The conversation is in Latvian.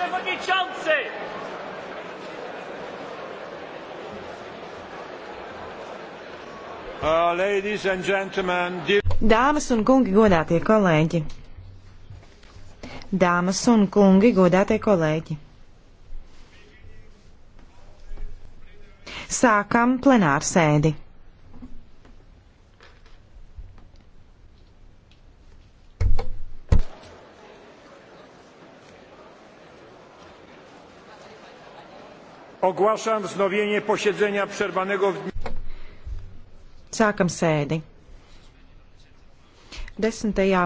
przewodniczący! Uh, Dāmas un kungi, godātie kolēģi! Dāmas un kungi, godātie kolēģi! Sākam plenārsēdi! Ogłaszam wznowienie posiedzenia przerwanego w dniu. Sākam sēdi. 10.